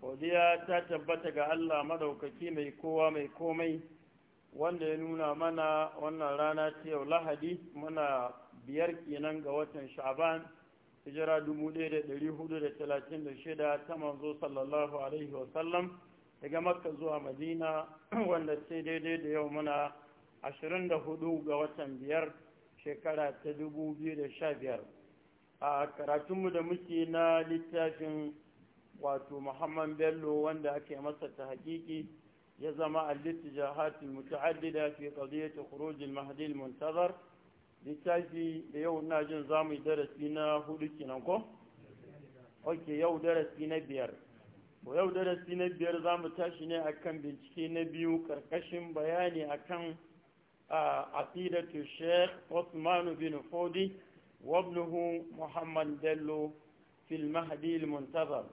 godiya ta tabbata ga Allah madaukaki mai kowa mai komai wanda ya nuna mana wannan rana ta yau lahadi muna biyar kenan ga watan sha'ban hijira 1436 ta manzo sallallahu alaihi wasallam daga makka zuwa madina wanda sai daidai da yau muna 24 ga watan biyar shekara ta 2015 a karatunmu da muke na littafin wato muhammad bello wanda ake masa ta hakiki ya zama al-littijahat mutaaddida fi qadiyat khuruj al-mahdi al-muntazar littafi da yau na jin zamu darasi na hudu kenan ko okay yau darasi na biyar ko yau darasi na biyar zamu tashi ne akan bincike na biyu karkashin bayani akan aqidatu Sheikh usman bin Fodi وابنه muhammad bello في المهدي المنتظر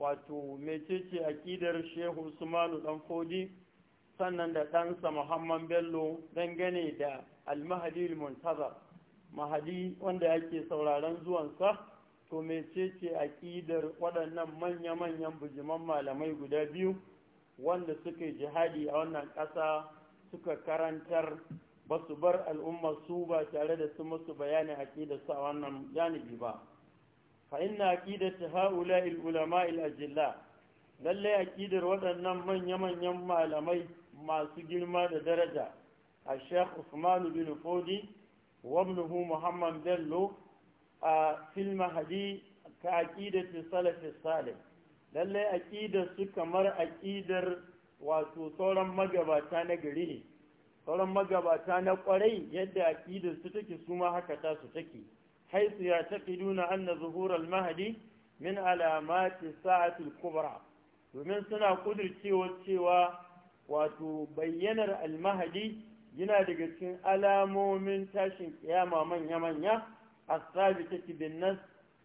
wato mecece aƙidar shehu usmanu dan fodi sannan da ɗansa muhammad bello dangane da almahadi muntazar mahadi wanda yake sauraron zuwansa to mecece aƙidar waɗannan manya-manyan bujiman malamai guda biyu wanda suka yi jihadi a wannan ƙasa suka karantar ba su bar al'ummar su ba tare da su musu bayani aƙidarsu a wannan janibi ba فإن عقيدة هؤلاء العلماء الأجلاء lallai aƙidar waɗannan manya-manyan malamai masu girma da daraja a sheikh usman bin fodi wabnuhu muhammad bello a filma hadi ka aƙidar salafi salih lallai aƙidar su kamar aƙidar wato sauran magabata na gari ne sauran magabata na ƙwarai yadda aƙidar su take su ma haka ta su take haisu ta taqiduna anna zuhur mahadi min alamati sa'ati al-kubra domin suna kudircewa cewa wato bayyanar almahadi mahdi yana daga cikin alamomin tashin ƙiyama manya-manya as-sabitati bin nas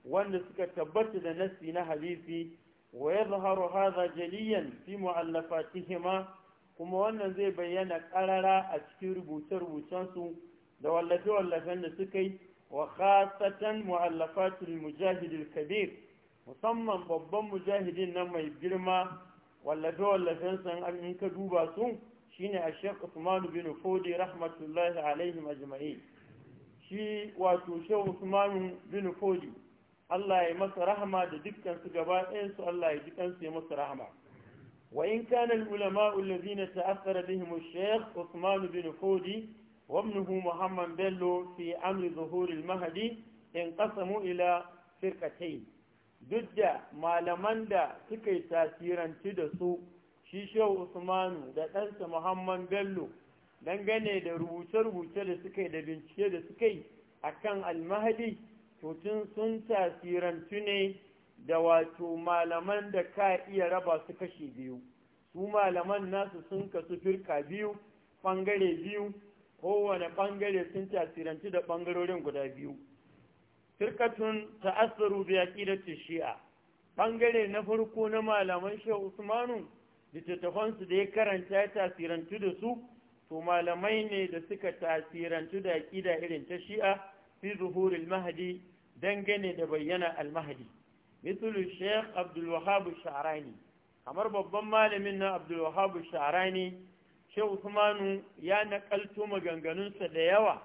wanda suka tabbatar da nasi na hadisi wa yadhharu hadha jaliyan fi mu'allafatihima kuma wannan zai bayyana ƙarara a cikin rubuce-rubucensu da wallafe-wallafen da suka yi وخاصة مؤلفات المجاهد kabir musamman babban mujahidin nan mai girma wallafe wallafen san in ka duba su shine a Sheikh Usman bin Fodi rahmatullahi alaihim ajma'in shi wato Sheikh Usman bin Fodi Allah ya masa rahma da dukkan su gaba ɗayan su Allah ya ji kansu ya masa rahma. wa in kana al-ulama alladhina ta'athara bihim al-Sheikh Usman bin Fodi وابنه محمد بيلو في أمر ظهور المهدي انقسموا إلى فرقتين duk da malaman da suka yi tasiranci da su shi shehu usmanu da ɗansa muhammad bello dangane da rubuce-rubuce da suka yi da bincike da suka yi a kan almahadi tutun sun tasirantu ne da wato malaman da ka iya raba su kashe biyu su malaman nasu sun kasu firka biyu ɓangare biyu kowane ɓangare sun tasiranci da ɓangarorin guda biyu firkatun ta'assaru bi ta shi'a ɓangare na farko na malaman shehu usmanu littattafansu da ya karanta ya tasirantu da su to malamai ne da suka tasirantu da ƙida irin ta shi'a fi mahadi Mahadi dangane da bayyana almahadi mahdi mithlu sheikh abdul sharani kamar babban malamin na abdul sha'arani sharani shehu Usmanu ya nakalto maganganunsa da yawa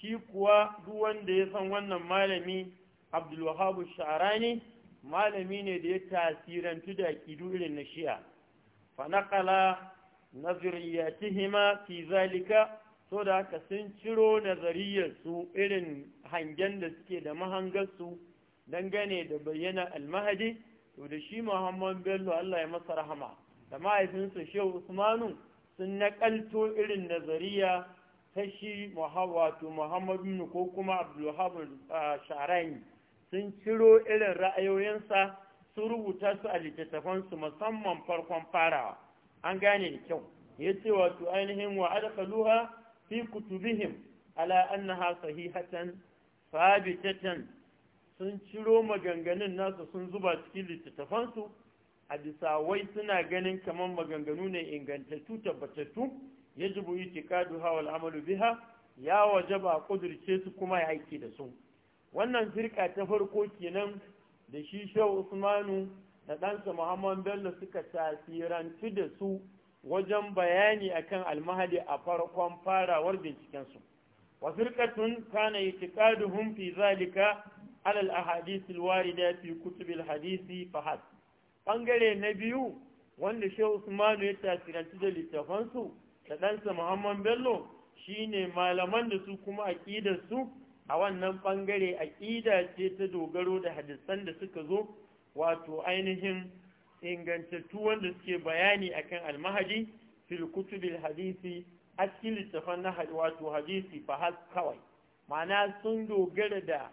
shi kuwa duk wanda ya san wannan malami Abdul Wahhab Sharani malami ne da ya tasirantu da kidu irin na Shi'a fa naqala nazariyatihima fi zalika so da haka sun ciro su irin hangen da suke da mahangarsu dangane da bayyana almahadi to da shi Muhammad Bello Allah ya masa rahama da mahaifinsa Shehu Usmanu sun naƙalto irin nazariya ta shi wato muhammadu ko kuma abdulhabu sharani sun ciro irin ra'ayoyinsa sun rubuta su a littattafansu musamman farkon farawa an gane da kyau ya ce wato ainihin wa adkhaluha fi kutubihim ala annaha sahihatan sabitatan sun ciro maganganun nasu sun zuba cikin littattafansu a bisa wai suna ganin kamar maganganu ne ingantattu tabbatattu yajibu itikadu hawa amalu biha ya wajaba kudirce su kuma ya aiki da su wannan firka ta farko kenan da shi shehu usmanu da ɗansa muhammad bello suka tasirantu da su wajen bayani akan almahadi a farkon farawar bincikensu wa firkatun kana itiqaduhum fi zalika ala al ahadith al warida fi kutub al hadisi fahad ɓangare na biyu wanda shi usmanu ya tasiranci da littafansu da ɗansa muhammad bello shine malaman da su kuma aƙidarsu a wannan ɓangare aƙida ce ta dogaro da hadisan da suka zo wato ainihin ingantattu wanda suke bayani akan almahadi fil kutubil hadisi a cikin littafan na wato hadisi fa kawai ma'ana sun dogara da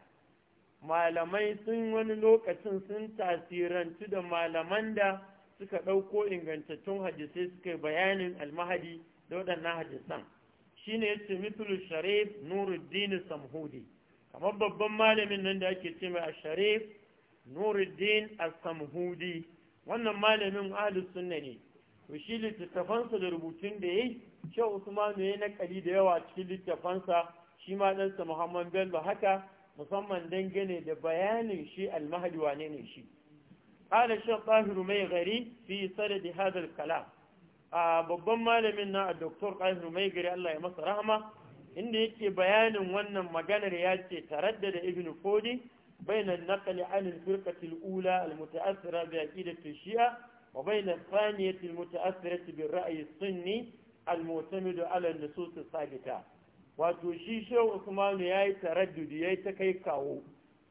malamai sun wani lokacin sun tasirantu da malaman da suka ɗauko ingantattun hadisai suka yi bayanin almahadi da waɗannan hadisan shi ne yace mithlu sharif nuruddin samhudi kamar babban malamin nan da ake ce mai sharif nuruddin samhudi wannan malamin ahlus sunna ne to shi littattafansa da rubutun da yayi shehu usman ne na kali da yawa cikin littattafansa shi ma ɗansa muhammad bello haka musamman dangane da bayanin shi almahadi, wane ne shi qala shan tahir mai gari fi da hadar kala. A babban malamin na doktor tahir mai gari Allah ya masa rahama inda yake bayanin wannan maganar ya ce da ibn fodi bainan naqli an al-firqati al-ula al bi aqidati shia wa bainan thaniyati al bi rayi sunni al-mu'tamid ala an-nusus as-sabita wato shi shehu usmanu ya yi taraddudi ya yi ta kai kawo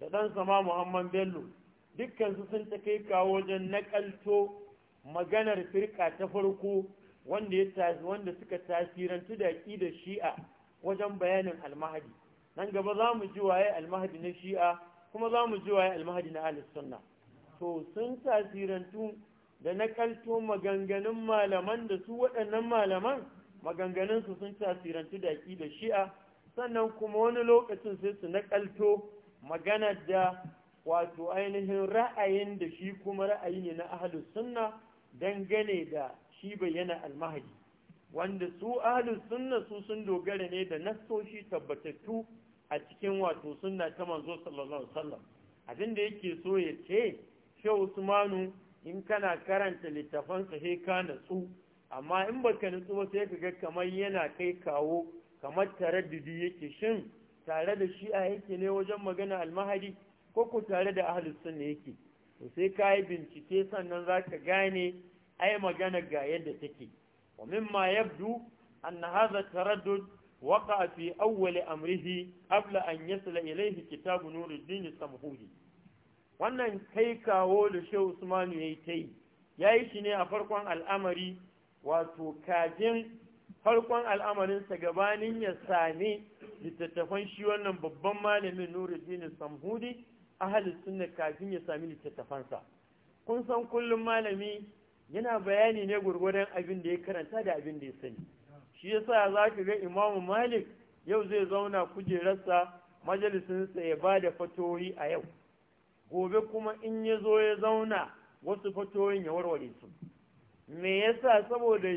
da ɗan-sama muhammad bello dukkansu sun ta kai kawo wajen nakalto maganar firka ta farko wanda ya wanda suka tasirantu da da shi'a wajen bayanin almahadi nan gaba za mu ji waye almahadi na shi'a kuma za mu ji waye almahadi na ahlus sunna to sun tasirantu da nakalto maganganun malaman da su waɗannan malaman maganganunsu sun tasirantu da da shi'a sannan kuma wani lokacin sai su naƙalto magana da wato ainihin ra'ayin da shi kuma ra'ayi ne na ahalus sunna dangane da shi bayyana almahadi wanda su ahalus sunna su sun dogara ne da nassoshi tabbatattu a cikin wato sunna ta manzo sallallahu alaihi wasallam abin da yake so ya ce shehu usmanu in kana karanta littafan sai ka natsu amma in baka nutsu ba sai ka ga kamar yana kai kawo kamar taraddudi yake shin tare da shi'a yake ne wajen magana almahadi ko ku tare da ahlus sunna yake to sai ka yi bincike sannan za ka gane ai magana ga yadda take wa mimma yabdu anna hadha taraddud waqa fi awwal amrihi qabla an yasla ilayhi kitabu nuruddin samhuri wannan kai kawo da shehu usmanu yayi tai yayi shi ne a farkon al'amari wato kajin farkon al'amarinsa gabanin ya sami littattafan shi wannan babban malamin nuruddin samhudi ahalin sunna kafin ya sami littattafansa kun san kullum malami yana bayani ne gurgurdan abin da ya karanta da abin da ya sani shi yasa za ka ga imamu malik yau zai zauna kujerarsa majalisinsa ya ba da fatoyi a yau gobe kuma in ya zo ya zauna wasu fatoyin ya warware su me yasa saboda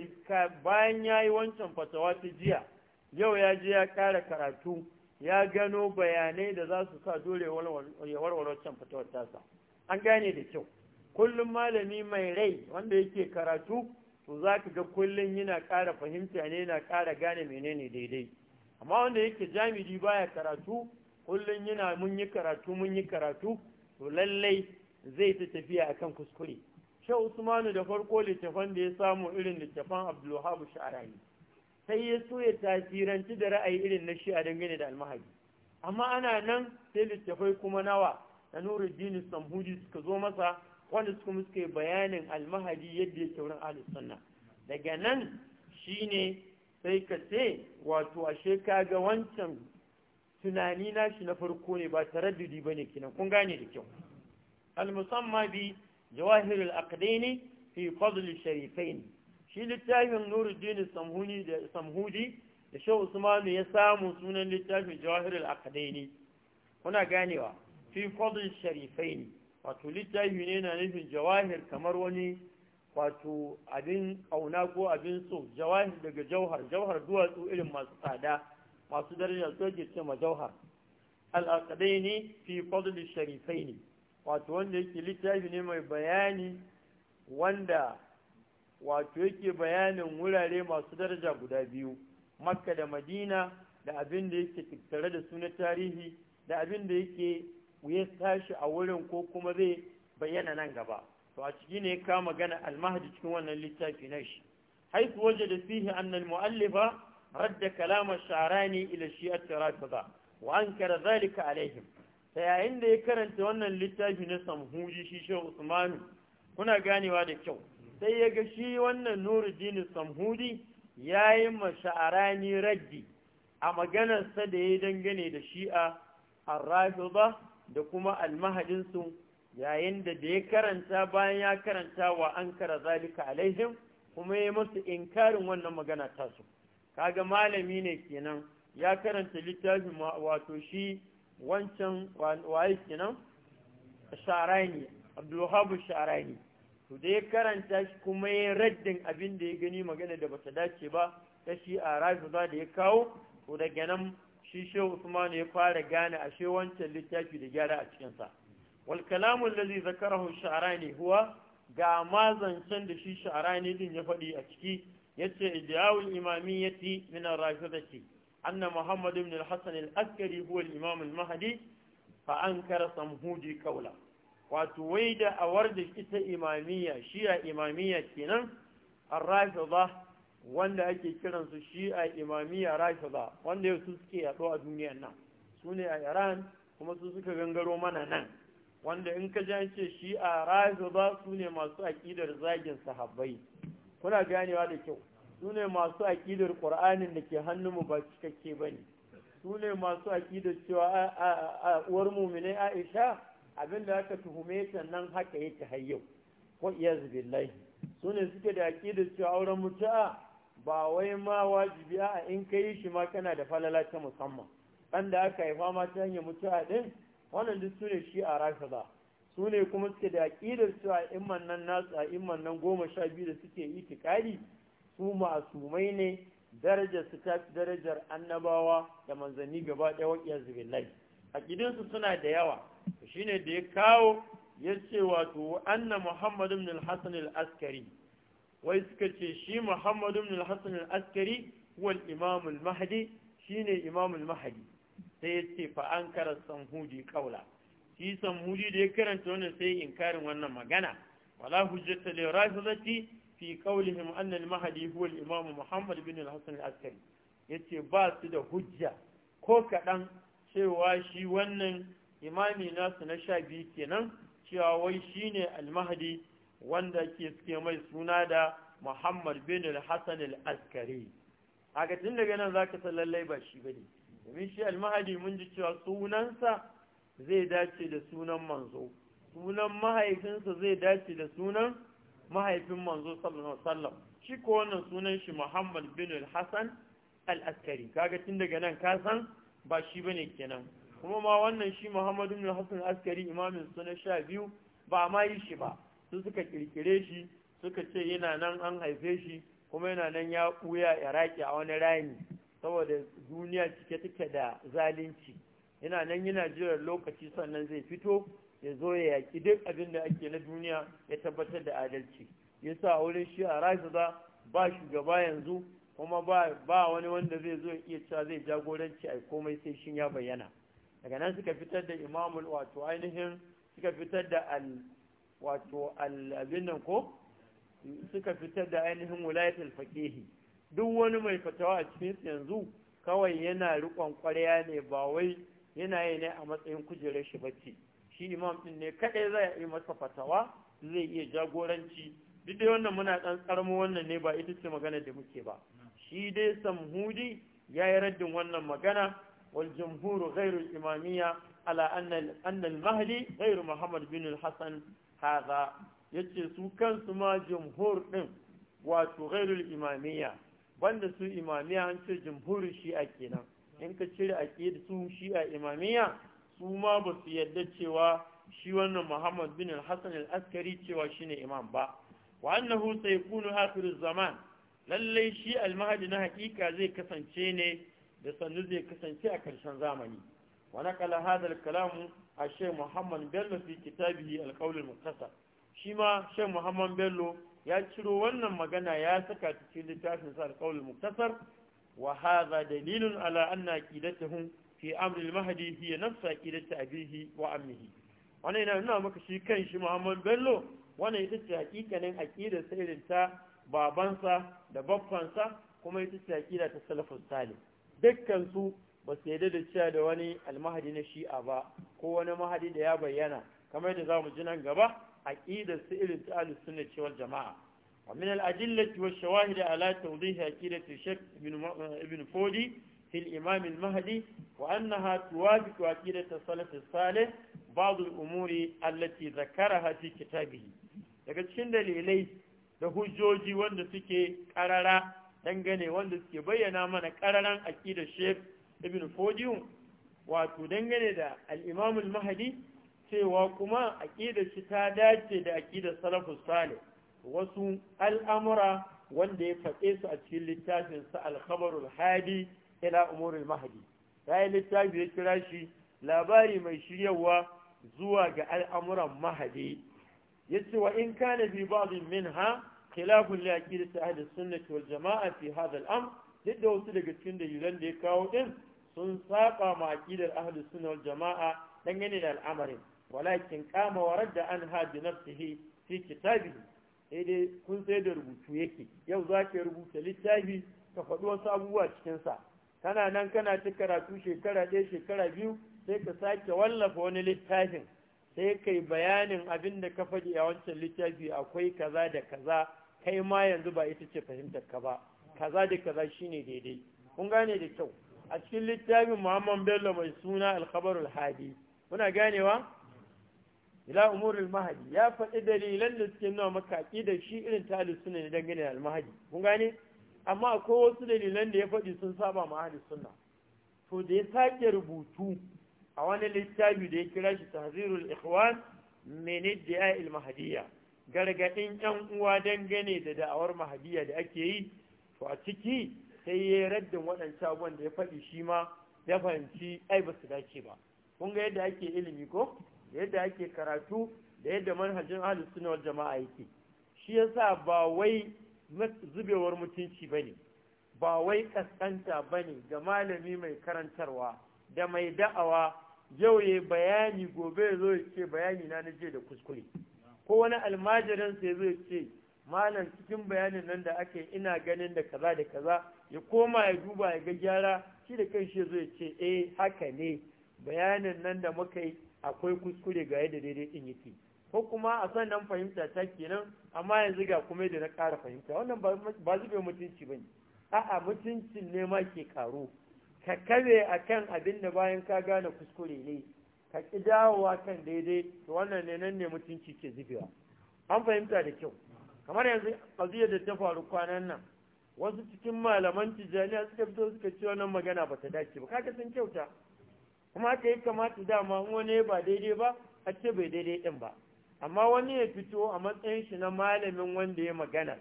bayan ya yi wancan fatawa ta jiya yau ya je ya ƙara karatu ya gano bayanai da za su sa dole ya warware wancan fatawar tasa an gane da kyau kullum malami mai rai wanda yake karatu to za ka ga kullum yana kara fahimta ne yana kara gane menene daidai amma wanda yake jami'i baya karatu kullum yana mun yi karatu mun yi karatu to lallai zai ta tafiya akan kuskure sha Usmanu da farko littafan da ya samu irin littafan Abdulwahab Sha'rani sai ya so ya tasiranci da ra'ayi irin na Shi'a dangane da Almahdi amma ana nan sai littafai kuma nawa na Nuruddin Samhudi suka zo masa wanda suka suka yi bayanin Almahdi yadda ya taurin Ahlus Sunna daga nan shine sai ka ce wato ashe ka ga wancan tunani nashi na farko ne ba taraddudi bane kenan kun gane da kyau al musamma bi jawahirul aqdaini fi fadl sharifain shi littafin nuruddin samhudi da shehu usmanu ya samu sunan littafin jawahirul aqdaini kuna ganewa fi fadl sharifain wato littafi ne na nufin jawahir kamar wani wato abin kauna ko abin so jawahir daga jauhar jauhar duwatsu irin masu tsada masu daraja so ke ce ma jauhar al-aqdaini fi fadl sharifain wato wanda yake littafi ne mai bayani wanda wato yake bayanin wurare masu daraja guda biyu makka da madina da abin da yake tattare da su na tarihi da abin da yake ya tashi a wurin ko kuma zai bayyana nan gaba to a ciki ne ka magana almahdi cikin wannan littafi na shi haifu waje da fihi annal mu'allifa radda kalamar sharani ila shi'at rafida wa ankara zalika alaihim ta yayin da ya karanta wannan littafi na samhuji shi shi usmanu kuna ganewa da kyau sai ya ga shi wannan nuruddin samhudi ya yi masha'arani raddi a maganarsa da ya dangane da shi'a arrafiba da kuma almahadinsu yayin da da ya karanta bayan ya karanta wa an kara zalika alaihim kuma ya masu inkarin wannan magana tasu kaga malami ne kenan ya karanta littafin wato shi wancan waye kenan sharani abdulhabu sharani to da ya karanta shi kuma ya raddin abin da ya gani magana da bata dace ba ta shi a rafiza da ya kawo to daga nan shi shehu usman ya fara gane ashe wancan littafi da gyara a cikinsa wal kalamu allazi zakarahu sharani huwa ga mazan can da shi sharani din ya faɗi a ciki yace idawul imamiyyati min ar-rafidati أن محمد بن الحسن الأسكري هو الإمام المهدي فأنكر صمهودي قوله وتويد أورد إتا إمامية شيعة إمامية كنا الرافضة wanda ake kiransu shi'a imamiyya rafida wanda yau su suke yaɗo a duniyar nan su ne a iran kuma su suka gangaro mana nan wanda in ka ji ce shi'a rafida su ne masu aƙidar zagin sahabbai kuna ganewa da kyau su ne masu aƙidar ƙur'anin da ke hannunmu ba cikakke ba ne su ne masu aƙidar cewa a uwar mumine aisha abinda aka tuhume ta nan haka yake hayyau yau ko iyaz billahi su ne suke da aƙidar cewa auren mutu'a ba wai ma wajibi a in kai shi ma kana da falala ta musamman ɗan da aka haifa ma ta hanyar mutu'a din? wannan duk su ne shi a rafida su ne kuma suke da aƙidar cewa imman nan nasu a imman nan goma sha biyu da suke itikadi su masumai ne darajar su ta darajar annabawa da manzanni gaba ɗaya waƙiyar zubillai gidansu suna da yawa shine da ya kawo ya ce wato anna Muhammadu ibn al-hasan al-askari wai suka ce shi Muhammadu ibn al-hasan al-askari wal imam al-mahdi shine imam al-mahdi sai ya ce fa an kara sanhudi kaula shi sanhudi da ya karanta wannan sai inkarin wannan magana wala hujjata li rafidati fi kaulihim anna al-mahdi huwa al-imam Muhammad bin al-Hasan al-Askari yace ba su da hujja ko kadan cewa shi wannan imami nasu na sha biyu kenan cewa wai shine al-mahdi wanda ke suke mai suna da Muhammad bin al-Hasan al-Askari haka tun daga nan zaka san lallai ba shi bane domin shi al-mahdi mun ji cewa sunansa zai dace da sunan manzo sunan mahaifinsa zai dace da sunan mahaifin manzo sallallahu alaihi shi ko wannan sunan shi Muhammad bin al-Hasan al-Askari kaga tun daga nan ka san ba shi bane kenan kuma ma wannan shi Muhammad bin al-Hasan al-Askari imamin sunan sha biyu ba ma yi shi ba su suka kirkire shi suka ce yana nan an haife shi kuma yana nan ya buya Iraki a wani rami saboda duniya cike take da zalunci yana nan yana jiran lokaci sannan zai fito ya zo ya yaƙi duk abin da ake na duniya ya tabbatar da adalci yasa a wurin shi a rafiza ba shugaba yanzu kuma ba wani wanda zai zo iya cewa zai jagoranci a komai sai shi ya bayyana daga nan suka fitar da imamul wato ainihin suka fitar da al wato al'abin nan ko suka fitar da ainihin wulayatul faqihi duk wani mai fatawa a cikin yanzu kawai yana rikon kwarya ne ba wai yana yi ne a matsayin kujerar shi bacci shi imam ɗin ne kaɗai zai yi masa fatawa zai iya jagoranci duk dai wannan muna ɗan ƙarmo wannan ne ba ita ce magana da muke ba shi dai samhudi ya yi raddin wannan magana wal jamhuru ghairu imamiyya ala anna al mahdi ghairu muhammad bin al hasan hadha yace su kansu ma jamhur din wato ghairul imamiyya banda su imamiyya an ce jamhur shi'a kenan in ka cire aqid su shi'a imamiyya su ma ba su yadda cewa shi wannan Muhammad bin al-Hasan al-Askari cewa shine imam ba wa annahu sayakunu akhiru zaman lallai shi al-mahdi na hakika zai kasance ne da sannu zai kasance a karshen zamani wa naqala hadha al-kalam Muhammad Bello fi kitabihi al-qawl al-muqtasar shi ma shaykh Muhammad Bello ya ciro wannan magana ya saka cikin littafin sa al-qawl al-muqtasar wa hadha dalilun ala anna aqidatuhum fi amril mahdi hiya nafsa ila ta'bihi wa ammihi wannan yana nuna maka shi kan shi Muhammad Bello wannan ita ce hakikanin aqidar sirrin ta babansa da babbansa kuma ita ce aqida ta salafus salih dukkan su ba su yarda da cewa da wani almahadi na shi'a ba ko wani mahadi da ya bayyana kamar da zamu ji nan gaba aqidar su irin ta sunna ce wal jama'a wa min al adillati wash shawahid ala tawdih aqidati ibn ibn fodi في الإمام المهدي وأنها توافق عقيدة السلف الصالح بعض الأمور التي ذكرها في كتابه daga cikin dalilai da hujjoji wanda suke karara dangane wanda suke bayyana mana kararan aqidar Sheikh Ibn Fodiyun wato dangane da al mahadi cewa kuma aqidar shi ta dace da aqidar salafus sale wasu al'amura wanda ya faɗe su a cikin littafin sa al-Khabarul Hadi ila umurul mahdi yayi littafi ya kira shi labari mai shiryawa zuwa ga al'amuran mahadi yace wa in kana bi ba'dhin minha khilafun li aqidati ahli sunnah wal jama'a fi hadha al-amr duk da wasu daga cikin dalilan da ya kawo din sun saba ma aqidar ahli sunnah wal jama'a dangane da al'amarin walakin qama wa radda an hadi nafsihi fi kitabihi sai dai kun sai da rubutu yake yau za ka rubuta littafi ka faɗi wasu abubuwa cikinsa kana nan kana ci karatu shekara ɗaya shekara biyu sai ka sake wallafa wani littafin sai kai bayanin abin da ka faɗi a wancan littafi akwai kaza da kaza kai ma yanzu ba ita ce fahimtar ka ba kaza da kaza shine daidai kun gane da kyau a cikin littafin Muhammad Bello mai suna alkhabarul Hadi muna ganewa ila umurul mahadi ya faɗi dalilan da suke nuna maka da shi irin ta ne dangane da al kun gane amma akwai wasu dalilan da ya faɗi sun saba ma ahli sunna to da ya sake rubutu a wani littafi da ya kira shi tahzirul ikhwan min ad-da'i al mahdiyya gargadin yan uwa dangane da da'awar mahdiyya da ake yi to a ciki sai ya raddin waɗancan abubuwan da ya faɗi shi ma ya fahimci ai ba su dace ba kun ga yadda ake ilimi ko da yadda ake karatu da yadda manhajin ahli sunna wal jama'a yake shi yasa ba wai zubewar mutunci ba ne ba wai ƙasƙanta ba ne ga malami mai karantarwa da mai da'awa yau ya bayani gobe zo ya ce bayani na je da kuskure ko wani almajirin sai zo ya ce malam cikin bayanin nan da aka ina ganin da kaza da kaza ya koma ya duba ya ga gyara shi da kan shi zo ya ce eh haka ne bayanin nan da muka yi akwai kuskure ga yadda daidai din yake ko kuma a sannan fahimta ta kenan amma yanzu ga kuma da na ƙara fahimta wannan ba zube mutunci ba ne a'a mutuncin ne ma ke karo ka kare a kan abin da bayan ka gane kuskure ne ka ƙi dawowa kan daidai to wannan ne nan ne mutunci ke zubewa an fahimta da kyau kamar yanzu ƙaziyar da ta faru kwanan nan wasu cikin malaman tijjaniya suka fito suka ce wannan magana ba ta dace ba Kaka sun kyauta kuma aka yi kamata dama wani ba daidai ba a ce bai daidai ɗin ba amma wani ya fito a matsayin shi na malamin wanda ya magana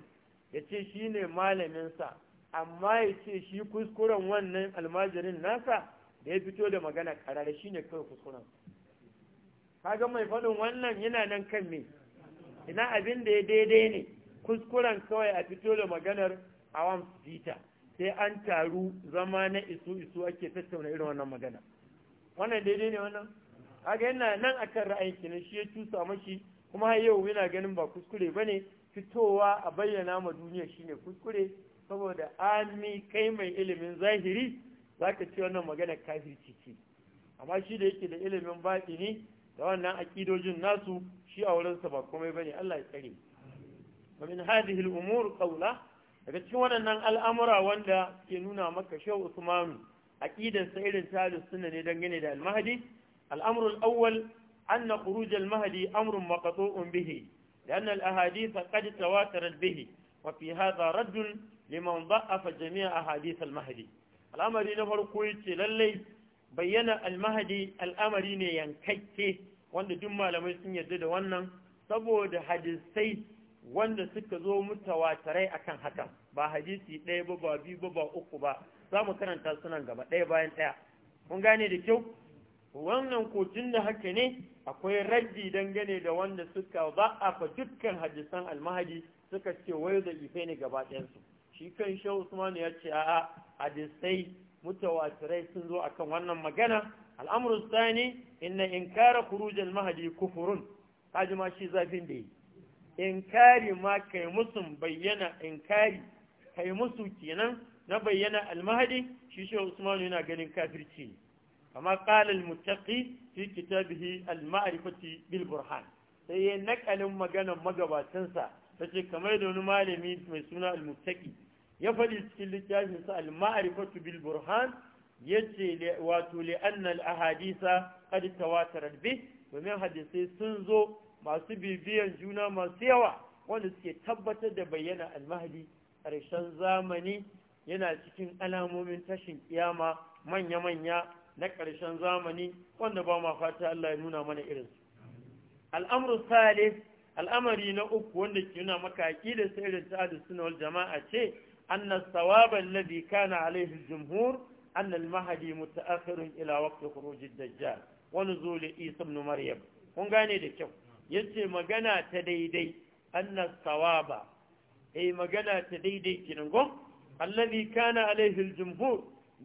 ya ce shi ne malaminsa amma ya ce shi kuskuren wannan almajirin nasa da ya fito da magana karara shi ne kawai kuskuren kaga mai faɗin wannan yana nan kan me ina abin da ya daidai ne kuskuren kawai a fito da maganar awam dita sai an taru zama na isu isu ake tattauna irin wannan magana wannan daidai ne wannan kaga yana nan akan ra'ayin kenan shi ya cusa mashi kuma har yau yana ganin ba kuskure bane fitowa a bayyana ma duniya shine kuskure saboda ami kai mai ilimin zahiri zaka ce wannan magana kafir ciki amma shi da yake da ilimin ne da wannan akidojin nasu shi a wurinsa ba komai bane Allah ya tsare wa min hadhihi al-umur daga cikin waɗannan al'amura wanda ke nuna maka shau Usmanu aqidan sa irin talis sunna ne dangane da al الأمر الأول أن خروج المهدي أمر مقطوع به لأن الأحاديث قد تواترت bihi mafi هذا رد liman fa jami'a a al-mahdi al'amari na farko yace lallai bayyana al al'amari ne yankakke wanda duk malamai sun yarda da wannan saboda hadisai wanda suka zo mutawatirai akan hakan ba hadisi ɗaya ba ba biyu ba ba uku ba za mu karanta sunan gaba ɗaya bayan ɗaya Mun gane da kyau wannan ko da haka ne akwai raddi dangane da wanda suka ba a fa dukkan hadisan almahadi suka ce wai da ife ne gaba ɗayansu shi kan shi usman ya ce a'a hadisai mutawatirai sun zo akan wannan magana al'amru sani inna inkara khuruj al-mahdi kufurun kaji ma shi zafin da yi inkari ma kai bayyana inkari kai musu kenan na bayyana al-mahdi shi shi usman yana ganin kafirci ne kama ƙalal mutaƙi fi kitabihi al-ma'rifati bil sai ya nakalin maganar magabatansa ta ce kamar da wani malami mai suna al-mutaƙi ya faɗi cikin littafinsa al bilburhan bil ya ce wato li'annal ahadisa qad tawatarat bi domin hadisai sun zo masu bibiyan juna masu yawa wanda suke tabbatar da bayyana almahadi mahdi ƙarshen zamani yana cikin alamomin tashin kiyama manya-manya na ƙarshen zamani wanda ba ma fata Allah ya nuna mana irinsu. Al'amru salis, al'amari na uku wanda ke nuna makaƙi da sirrin ta da sunawar jama'a ce, anna sawaban ladhi kana alaihi jumhur anna al-mahdi muta'akhirun ila waqti khuruj ad-dajjal wa nuzul Isa ibn Maryam. Kun gane da kyau. Ya ce magana ta daidai anna sawaba eh magana ta daidai kinan go alladhi kana alaihi jumhur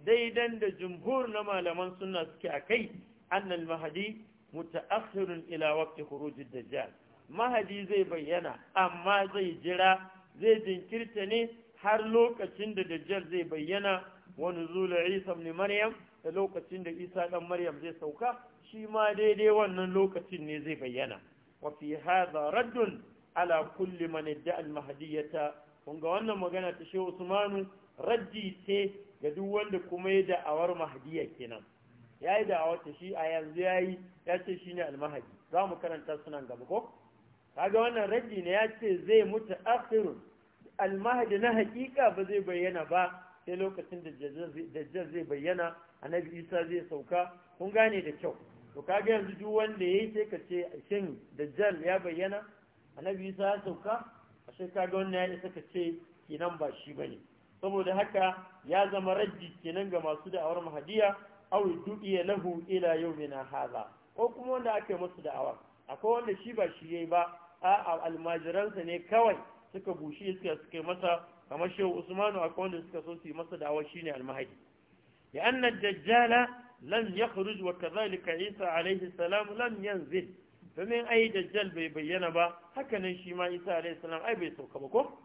daidan da jumhur na malaman sunna suke a kai annal mahadi mutaakhirun ila waqti ad dajjal mahadi zai bayyana amma zai jira zai jinkirta ne har lokacin da dajjal zai bayyana wa nuzul isa ibn maryam da lokacin da isa dan maryam zai sauka shi ma daidai wannan lokacin ne zai bayyana wa fi hadha raddun ala kulli man idda al mahdiyata kun ga wannan magana ta shehu usmanu raddi ce ga duk wanda kuma ya da'awar mahdiya kenan ya yi da'awar ta shi a yanzu ya yi ya ce shi ne almahadi za mu karanta sunan gaba ko kaga wannan raddi ne ya ce zai mutu akhirun almahadi na hakika ba zai bayyana ba sai lokacin da dajjal zai bayyana annabi isa zai sauka kun gane da kyau to kaga yanzu duk wanda ya yi sai ka ce shin dajjal ya bayyana annabi isa ya sauka ashe kaga wannan ya isa ka ce kinan ba shi ba ne. saboda haka ya zama raddi kenan ga masu da'awar mahadiya aw du'iya lahu ila yawmina hadha ko kuma wanda aka yi da'awa akwai wanda shi ba shi yayi ba a almajiransa ne kawai suka bushi suka suka masa kamar shehu usmanu akwai wanda suka so su yi masa da'awa shine almahadi ya anna dajjala lan yakhruj wa kadhalika isa alayhi salam lan yanzil domin ai dajjal bai bayyana ba hakanan shi ma isa alayhi salam ai bai sauka ba ko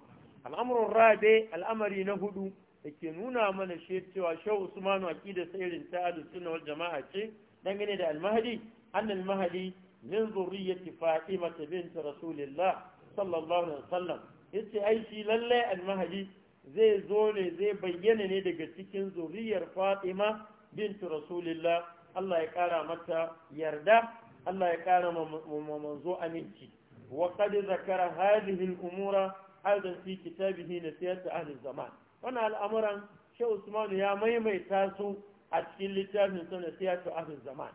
al'amuran rabe al'amari na hudu da ke nuna mana shi cewa Usman usmanu aqida sa irin ta wal jama'a ce dangane da al-mahdi annal mahdi min zurriyyati fatima Binta rasulillah sallallahu alaihi wasallam yace ai shi lalle al zai zo ne zai bayyana ne daga cikin zuriyar fatima Binta rasulillah Allah ya kara mata yarda Allah ya kara manzo aminci wa qad zakara hadhihi al-umura aidan fi kitabihi nasihatu ahli zaman wannan al'amuran shi Usman ya maimaita su a cikin littafin sa nasihatu ahli zaman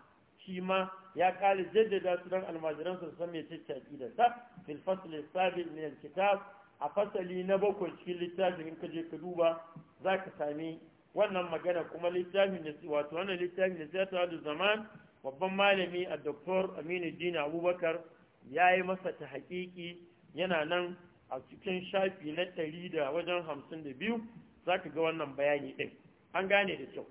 shi ma ya kare jaddada su dan almajiran su san me cece aqidar sa fil fasl as-sabiq min al-kitab a fasali na bakwai cikin littafin in ka je ka duba zaka sami wannan magana kuma littafin wato wannan littafin da sai ta zaman babban malami a doktor aminu dina abubakar ya yi masa ta haƙiƙi yana nan a cikin shafi na ɗari da wajen hamsin da biyu za ka ga wannan bayani ɗin an gane da kyau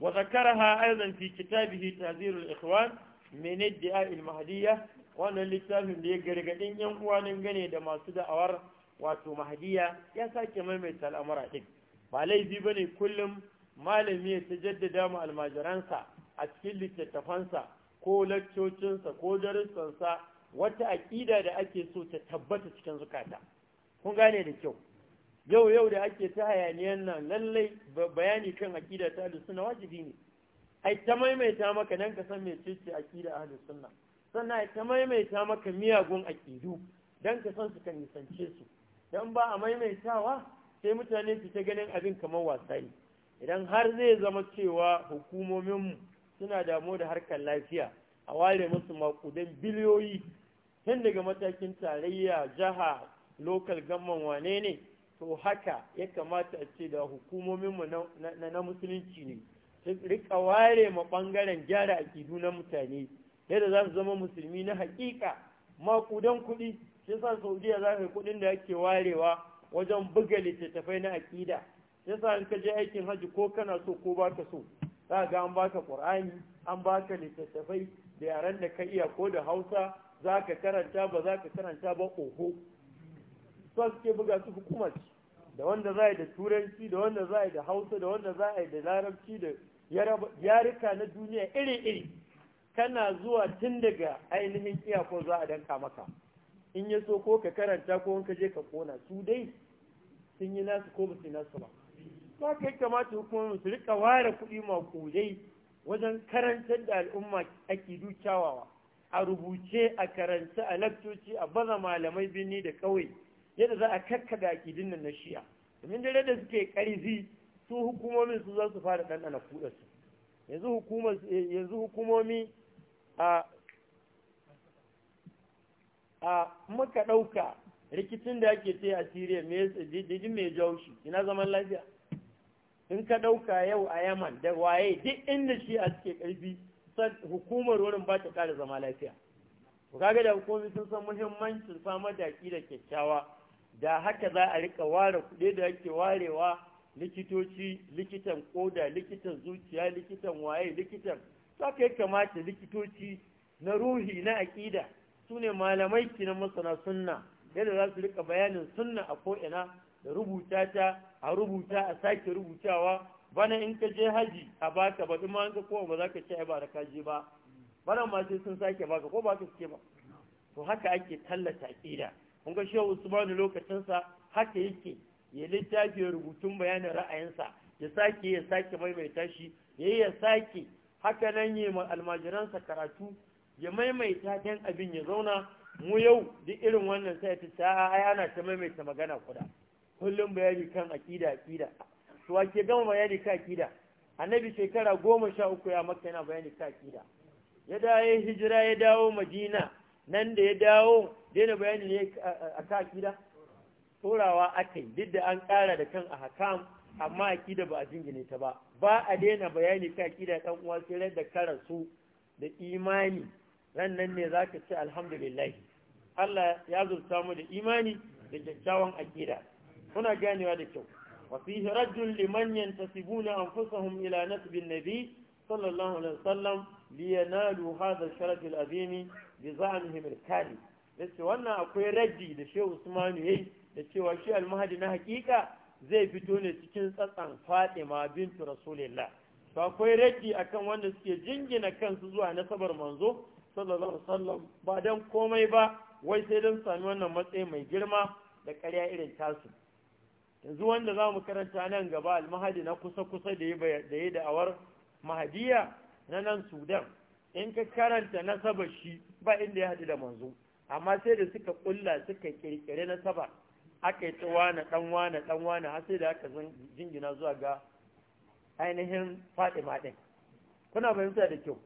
wa ha aizan fi kitabihi tazirul ikhwan mene ad-da'a wannan littafin da ya gargaɗin yan uwanin gane da masu da'awar wato mahdiya ya sake maimaita al'amura ɗin ba laifi bane kullum malami ya ta jaddada mu almajiransa a cikin littattafansa ko lakcocinsa ko darussansa wata aƙida da ake so ta tabbata cikin zukata kun gane da kyau yau yau da ake ta hayaniyan nan lallai bayani kan akida ta ahlus sunna wajibi ne ai ta maimaita maka nan ka san mece ce akida ahlus sunna sannan ai ta maimaita maka miyagun akidu dan ka san su kan nisance su dan ba a maimaitawa sai mutane su ta ganin abin kamar wasa ne idan har zai zama cewa hukumominmu suna damu da harkar lafiya a ware musu makudan biliyoyi tun daga matakin tarayya jiha lokal gamman wane ne to haka ya kamata a ce da hukumominmu na musulunci ne rika ware ma ɓangaren gyara akidu na mutane yadda za su zama musulmi na hakika makudan kuɗi shi sa saudiya za ka kuɗin da ake warewa wajen buga littattafai na akida shi sa in ka je aikin hajji ko kana so ko baka so za ga an baka qur'ani an baka littattafai da yaran da ka iya ko da hausa za karanta ba za ka karanta ba oho su suke buga su hukumar da wanda za a yi da turanci da wanda za a yi da hausa da wanda za a yi da larabci da yarika na duniya iri-iri kana zuwa tun daga ainihin iyakon za a danka maka in ya so ko ka karanta ko ka je ka kona su dai sun yi nasu ko musu nasu ba ba kai kamata hukumar su rika ware kuɗi maƙudai wajen karantar da al'umma akidu kyawawa a rubuce a karanta a lakcoci a baza malamai birni da ƙauye yadda za a kakkaga akidin nan na shi'a domin dare da suke ƙarfi su hukumomin su za su fara ɗanɗana kudarsu yanzu hukumomi a maka ɗauka rikicin da ake ce a siriya jijin mai jawo shi ina zaman lafiya in ka ɗauka yau a yaman da waye duk inda shi a suke ƙarfi hukumar wurin ba ta ƙara zama lafiya ku kaga da hukumomi sun san muhimmancin samar da da kyakkyawa da haka za a rika ware kuɗi da ake warewa likitoci likitan koda likitan zuciya likitan waye likitan saka kai kamata likitoci na ruhi na aƙida su ne malamai na masana sunna yadda za su rika bayanin sunna a ko'ina da rubuta ta a rubuta a sake rubutawa bana in ka je haji a baka ba ma an ka ba za ka ci ba da kaji ba bana ma sai sun sake baka ko ba ka suke ba to haka ake tallata aƙida kun ga shehu usmanu lokacinsa haka yake ya littafi rubutun bayanin ra'ayinsa ya sake ya sake maimaita shi ya ya sake haka nan yi ma almajiransa karatu ya maimaita dan abin ya zauna mu yau duk irin wannan sai ta ta ayana ta maimaita magana kuda kullum bayani kan akida akida to ke gama bayani kan akida annabi shekara goma sha uku ya maka yana bayani kan akida ya da hijira ya dawo madina nan da ya dawo daina bayani ne a ka akida turawa aka yi duk da an ƙara da kan a hakam amma a kida ba a jingine ta ba ba a daina bayani kakida akida ɗan uwa sai da karasu da imani ran nan ne za ka ce alhamdulillahi Allah ya zurta mu da imani da kyakkyawan akida kuna ganewa da kyau wa fi rajul liman yantasibuna anfusahum ila nasbin nabi sallallahu alaihi wasallam liyanalu hadha sharaf al-azimi bi za'anihim al-kali yace wannan akwai raddi da Shehu Usmanu yayi da cewa shi al-mahdi na hakika zai fito ne cikin tsatsan Fatima bintu Rasulillah to akwai raddi akan wanda suke jingina kansu zuwa nasabar manzo sallallahu alaihi ba dan komai ba wai sai dan sami wannan matsayi mai girma da ƙarya irin tasu yanzu wanda za mu karanta nan gaba almahadi na kusa-kusa da ya da'awar mahadiya na nan sudan in ka karanta nasabar shi ba inda ya haɗu da manzo amma sai da suka ƙulla suka ƙirƙire na saba aka yi ta wane ɗan wane ɗan wane har sai da aka jingina zuwa ga ainihin faɗi maɗin kuna fahimta da kyau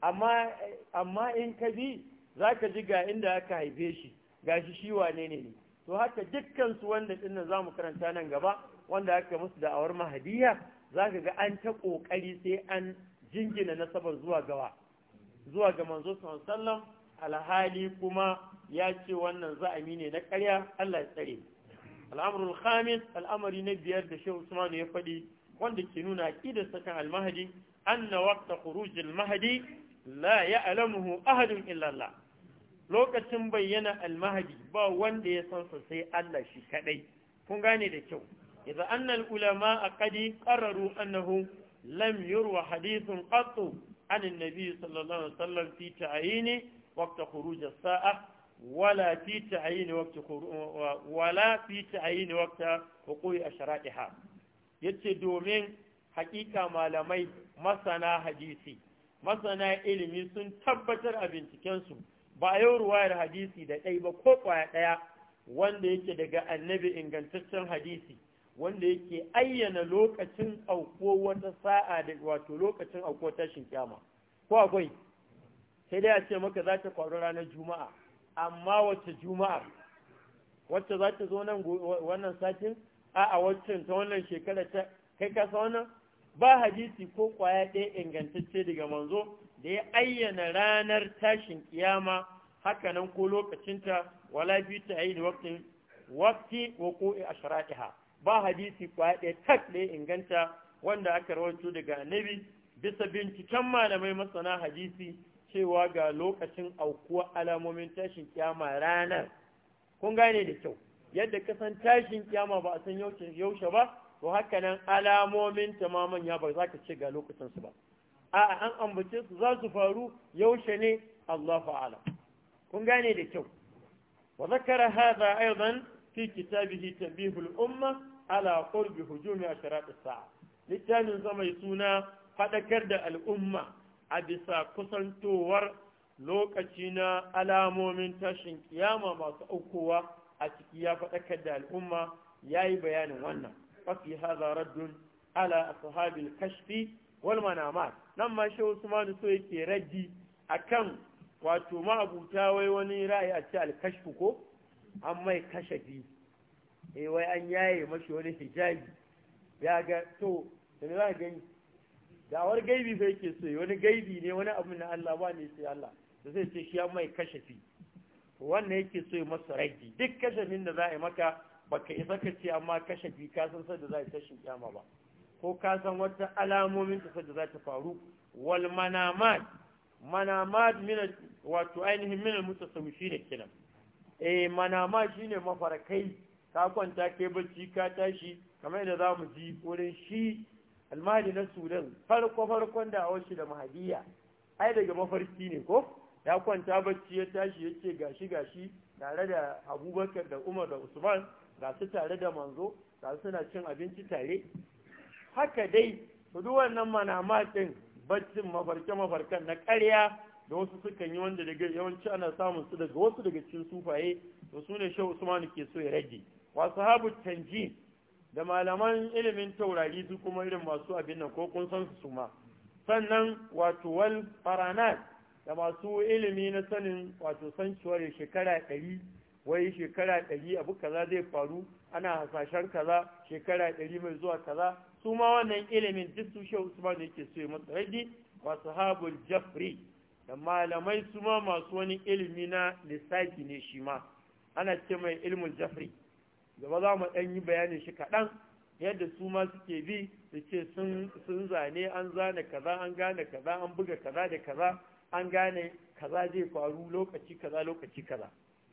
amma amma in ka bi za ka ji ga inda aka haife shi ga shi shi wane ne ne to haka dukkansu wanda ɗin za mu karanta nan gaba wanda aka musu da awar mahadiya za ka ga an ta ƙoƙari sai an jingina nasabar zuwa gawa zuwa ga manzo wasallam alhali kuma ya ce wannan za'ami ne na ƙarya Allah ya tsare al'amrul khamis al'amari na biyar da Shehu Usman ya faɗi wanda ke nuna aqidar sakan al-mahdi anna waqta khuruj al-mahdi la ya'lamuhu ahadun illa Allah lokacin bayyana al-mahdi ba wanda ya san sa sai Allah shi kadai kun gane da kyau idza annal ulama qad qarraru annahu lam yurwa hadithun qattu an النبي صلى الله عليه وسلم في waqta khuruj as-sa'a wala fi ta'yin waqta wala fi ta'yin waqta huquqi ashratiha yace domin hakika malamai masana hadisi masana ilimi sun tabbatar a bincikensu ba a yau ruwayar hadisi da ɗai ba ko ɗaya wanda yake daga annabi ingantaccen hadisi wanda yake ayyana lokacin auko wata sa'a da wato lokacin auko tashin kyama ko akwai sai dai a ce maka za ta faru ranar juma'a amma wacce juma'a wacce za ta zo nan wannan satin a a wacce ta wannan shekara ta kai kasa wannan ba hadisi ko kwaya ɗaya ingantacce daga manzo da ya ayyana ranar tashin kiyama nan ko lokacinta wala bi ta yi da wakti wakti wa ko'i ashratiha ba hadisi kwaya ɗaya tak ɗaya inganta wanda aka rawaito daga annabi bisa binciken malamai masana hadisi cewa ga lokacin aukuwa alamomin tashin ranar kun gane da kyau yadda kasan tashin kyama ba a san yaushe ba to haka nan alamomin tamaman ya ba za ka ce ga lokacinsu ba a an ambace su za su faru yaushe ne Allah fa'ala kun gane da kyau wa zakara hadha aidan fi kitabihi tabihul umma ala qurbi hujumi asharat as-sa'a littafin sa mai suna fadakar da al'umma a bisa kusantowar lokaci na alamomin tashin kiyama masu aukowa a ciki ya faɗakar da al'umma ya yi bayanin wannan fafi haza raddun ala sahabin kashfi wal ma. nan ma wasu usman so yake raddi akan wato ma'abuta wai wani ra'ayi a ce alkashfi ko an mai kashafi eh wai an yaye mashi wani hijabi ya ga to da za gani Da awar gaibi sai ke so wani gaibi ne wani abu na Allah ba ne sai Allah da zai ce shi ya mai kashafi wannan yake so ya masa raji duk kashafin da za a yi maka baka isa ka ce amma kashafi ka san sai da za a yi tashin kyama ba ko ka san wata alamomin ta sai da za ta faru wal manamat manamat min wato ainihin min mutasawifi da kinan? eh manama shine mafarkai ka kwanta kai bacci ka tashi kamar yadda zamu ji wurin shi almahadi na sudan farko farkon da awon shi da mahadiya ai daga mafarki ne ko ya kwanta bacci ya tashi ya ce gashi gashi tare da abubakar da umar da usman ga su tare da manzo ga suna cin abinci tare haka dai duk wannan manama baccin mafarke mafarkan na karya da wasu sukan yi wanda daga yawanci ana samun su daga wasu daga cikin sufaye to su ne shehu usman ke so ya rage wasu sahabu tanjin da malaman ilimin taurari su kuma irin masu abin nan ko kun san su ma sannan wato wal faranat da masu ilimi na sanin wato cewa shekara ɗari wai shekara ɗari abu kaza zai faru ana hasashen kaza shekara ɗari mai zuwa kaza su ma wannan ilimin duk su shehu usman yake so ya masa radi wasu habul jafri da malamai su ma masu wani ilimi na lissafi ne shi ma ana ce mai ilimin jafri gaba za mu ɗan yi bayanin shi kaɗan yadda su ma suke bi da ce sun zane an zane kaza an gane kaza an buga kaza da kaza an gane kaza zai faru lokaci kaza lokaci kaza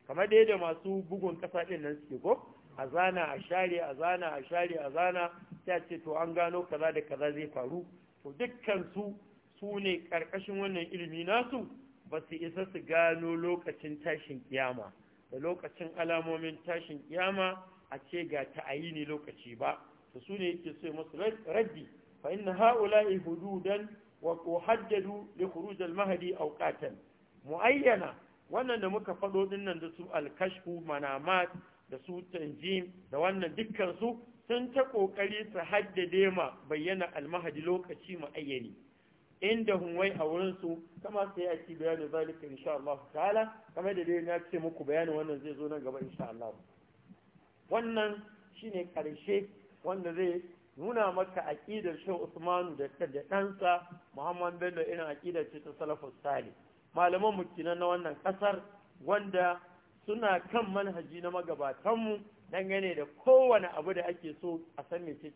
kamar da yadda masu bugun kasa ɗin nan suke ko a zana a share a zana a share a zana ta ce to an gano kaza da kaza zai faru to dukkan su su ne ƙarƙashin wannan ilimi nasu ba su isa su gano lokacin tashin kiyama da lokacin alamomin tashin kiyama a ce ga ni lokaci ba to su ne yake so masu raddi fa inna haula hududan wa tuhaddadu li khuruj al-mahdi awqatan muayyana wannan da muka fado dinnan da su al-kashfu manamat da su tanjim da wannan dukkan su sun ta kokari su haddade ma bayyana al-mahdi lokaci muayyani inda hunwai a wurin su kama sai a ci bayanin zalika insha Allah ta'ala kamar da dai na ce muku bayanin wannan zai zo nan gaba insha Allah wannan shine karshe wanda zai nuna maka aƙidar shi Usmanu da ɗansa Muhammad Bello irin aqidar shi ta salafus salih malaman mu na wannan ƙasar wanda suna kan manhaji na magabatanmu dangane da kowane abu da ake so a san mai ce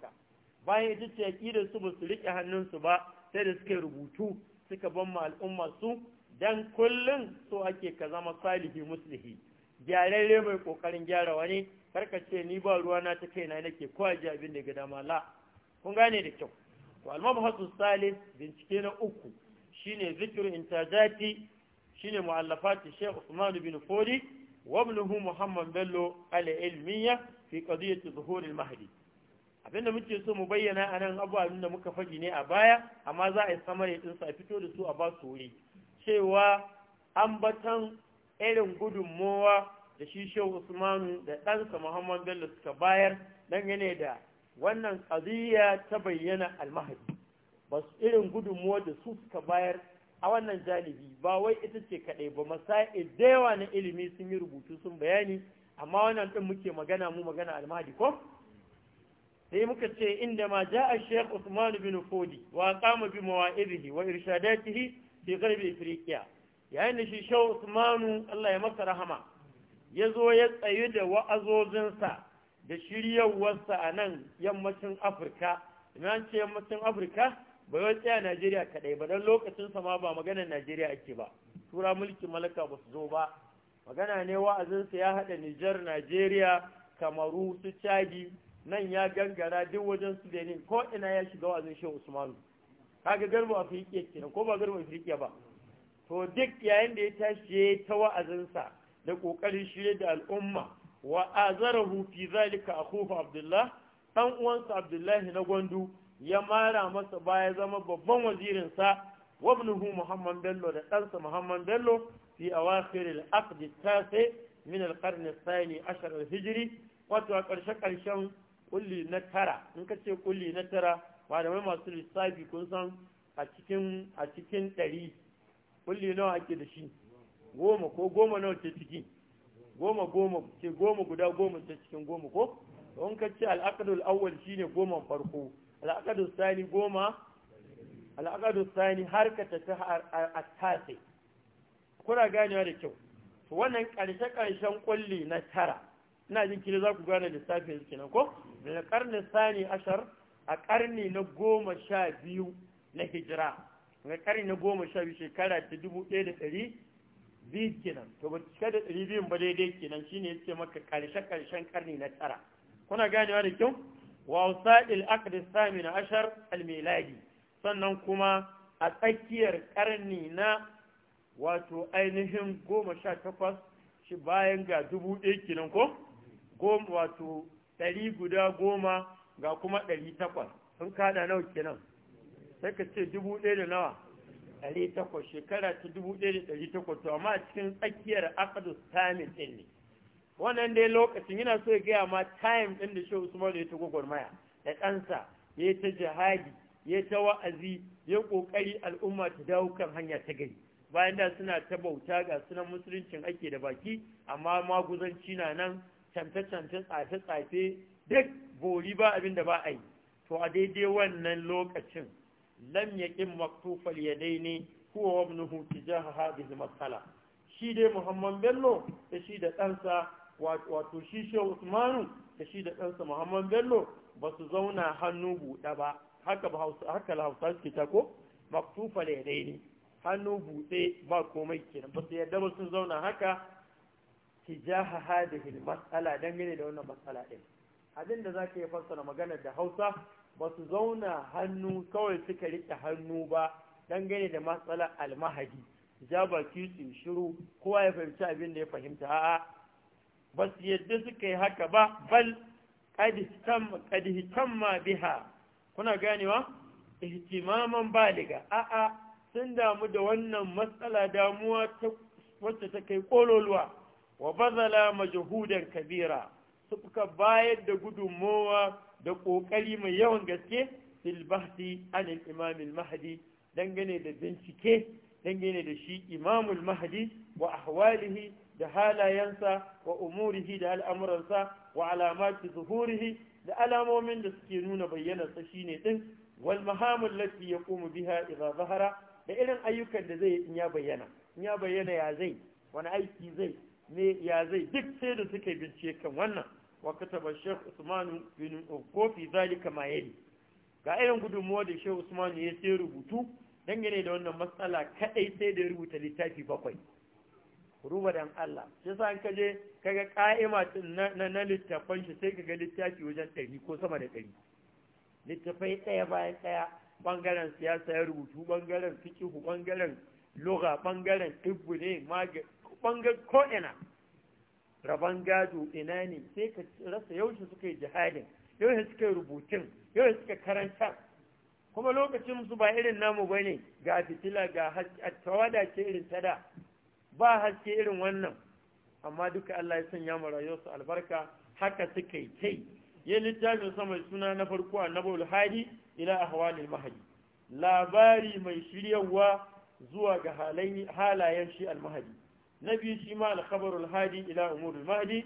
ka. bayan ita ce aƙidar su basu su riƙe hannunsu ba sai da suke rubutu suka ban ma al'umma su dan kullum so ake ka zama salihi muslihi gyararre mai kokarin gyara wani karka ce ni ba ruwa na ta kai na nake kowa ji abin da ga dama la kun gane da kyau to hasu salis bincike na uku shine zikru intajati shine muallafati Sheikh Usman bin Fodi wa ibnuhu Muhammad Bello ala ilmiya fi qadiyati zuhur al-mahdi abinda muke so mu bayyana a anan abubuwan da muka faɗi ne a baya amma za a yi samari din su a fito da su a ba su wuri cewa ambatan irin gudunmowa da shi shehu usmanu da ɗansa muhammad bello suka bayar dangane da wannan ƙaziyya ta bayyana almahadi ba su irin gudunmuwa da su suka bayar a wannan janibi ba wai ita ce kaɗai ba masa'i da yawa na ilimi sun yi rubutu sun bayani amma wannan ɗin muke magana mu magana almahadi ko sai muka ce inda ma ja a shek usman bin fodi wa kama bi mawa'idhi wa irshadatihi fi gharbi afriqiya yayin da shi shau usmanu Allah ya masa rahama ya zo ya tsayi da wa'azozinsa da shiryarwarsa a nan yammacin afirka ina ce yammacin afirka ba yau tsaya najeriya kaɗai ba don lokacinsa ma ba maganar najeriya ake ba tura mulki malaka ba su zo ba magana ne wa'azinsa ya haɗa nijar najeriya kamaru su chadi nan ya gangara duk wajen su benin ko ina ya shiga wa'azin shehu usmanu kaga garba afirka kenan ko ba garba afirka ba to duk yayin da ya tashi ta wa'azinsa da ƙoƙarin shirye da al'umma wa azarahu fi zalika akhuhu abdullah ɗan uwansa abdullahi na gwandu ya mara masa baya zama babban wazirin sa wabnuhu muhammad bello da ɗansa muhammad bello fi awakhir al-aqd at-tasi min al-qarn ashar al wato a ƙarshe ƙarshen kulli na tara in ka ce kulli na tara malamai masu lissafi kun san a cikin a cikin ɗari kulli nawa ake da shi goma ko goma nawa ce ciki goma goma ce goma guda goma ce cikin goma ko don ka ce al'aqdul awwal shine goma farko al'aqdul sani goma al'aqdul sani ka ta attase kuna ganewa da kyau to wannan karshe karshen kulli na tara ina jin kire za ku gane lissafin kenan ko da karni sani ashar a karni na goma sha biyu na hijira na ƙari na goma sha biyu shekara ta dubu ɗaya da ɗari biyu kenan to ba cika da ɗari biyun ba daidai kenan shine ya ce maka ƙarshe ƙarshen ƙarni na tara kuna ganewa da kyau wa sa'il aqd samina ashar almiladi sannan kuma a tsakiyar ƙarni na wato ainihin goma sha takwas shi bayan ga dubu ɗaya kenan ko wato ɗari guda goma ga kuma ɗari takwas sun kada nawa kenan sai ka ce dubu ɗaya da nawa ɗari takwas shekara ta dubu ɗaya da ɗari takwas to amma cikin tsakiyar akadus time ɗin ne wannan dai lokacin yana so ya gaya ma time ɗin da shi usman ya ta gwagwarmaya da ɗansa ya ta jihadi ya ta wa'azi ya ƙoƙari al'umma ta dawo kan hanya ta gari bayan da suna ta bauta ga sunan musuluncin ake da baki amma maguzanci na nan canfe-canfe, tsafe-tsafe duk bori ba abinda da ba a yi to a daidai wannan lokacin lam yaqim al yadaini huwa wa ibnuhu tijaha hadhihi masala shi dai Muhammad Bello da shi da dansa wato shi shi Usmanu da shi da dansa Muhammad Bello ba su zauna hannu buɗe ba haka ba Hausa haka Hausa suke ta ko maqtufa al yadaini hannu buɗe ba komai kenan ba su yadda ba sun zauna haka tijaha hadhihi mas'ala dangane da wannan mas'ala din abinda za ka yi fassara magana da hausa ba su zauna hannu kawai suka rike hannu ba dangane da matsala almahadi ja baki su shiru kowa ya fahimci abin da ya fahimta a ba su yadda suka yi haka ba bal kadihitan ma biha kuna ganewa ihtimaman baliga a'a sun damu da wannan matsala damuwa wacce ta kai kololuwa wa bazala majahudar kabira suka bayar da gudunmowa da ƙoƙari mai yawan gaske fil bahthi anil mahdi dangane da bincike dangane da shi imamul mahdi wa ahwalihi da halayensa wa umurihi da al'amuransa wa alamati zuhurihi da alamomin da suke nuna bayyanarsa shine din wal mahamul lati yaqumu biha idza zahara da irin ayyukan da zai in ya bayyana in ya bayyana ya zai wani aiki zai ne ya zai duk sai da suka bincike kan wannan وكتب الشيخ عثمان بن وفي ذلك ما يلي ga irin gudunmuwa da shehu usman ya sai rubutu dangane da wannan matsala kadai sai da rubuta littafi bakwai ruba dan Allah shi yasa an kaje kaga ka'ima na na littafan shi sai kaga littafi wajen 100 ko sama da 100 littafai daya bayan daya bangaren siyasa ya rubutu bangaren fikihu bangaren lugha bangaren tibbu ne raban gado ina ne sai ka rasa yaushe suka yi jihadin yaushe suka yi rubutun yaushe suka karanta kuma lokacin su ba irin namu bane ga fitila ga tawada ce irin tada ba haske irin wannan amma duka Allah ya sanya mu rayuwar su albarka haka suka yi kai ya littafin sama suna na farko annabul hadi ila ahwalil mahadi labari mai shiryawa zuwa ga halayen shi al almahadi na biyu shi ma alkhabarul hadi ila umurul mahdi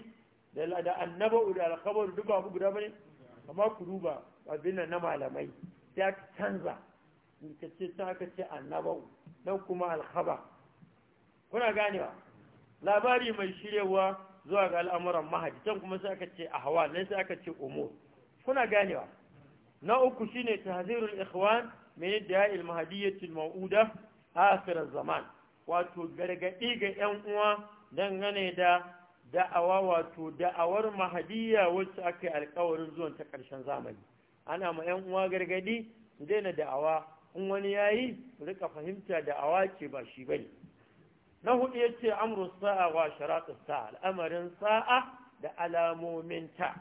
da annaba da alkhabaru duk abu guda bane amma ku duba abin na malamai sai aka canza ka ce ta aka ce annaba dan kuma alkhaba kuna ganewa labari mai shirewa zuwa ga al'amuran mahadi can kuma sai aka ce ahwa nan sai aka ce umur kuna ganewa na uku shine tahzirul ikhwan min da'il mahdiyyatil mau'uda akhir zaman wato gargaɗi ga 'yan uwa dangane da da'awa wato da'awar mahadiyya wacce aka yi alkawarin zuwan ta ƙarshen zamani ana ma 'yan uwa gargaɗi daina da'awa in wani ya yi rika fahimta da'awa ce ba shi ba ne na hudu ya ce amru sa'a wa sharatu sa'a al'amarin sa'a da alamominta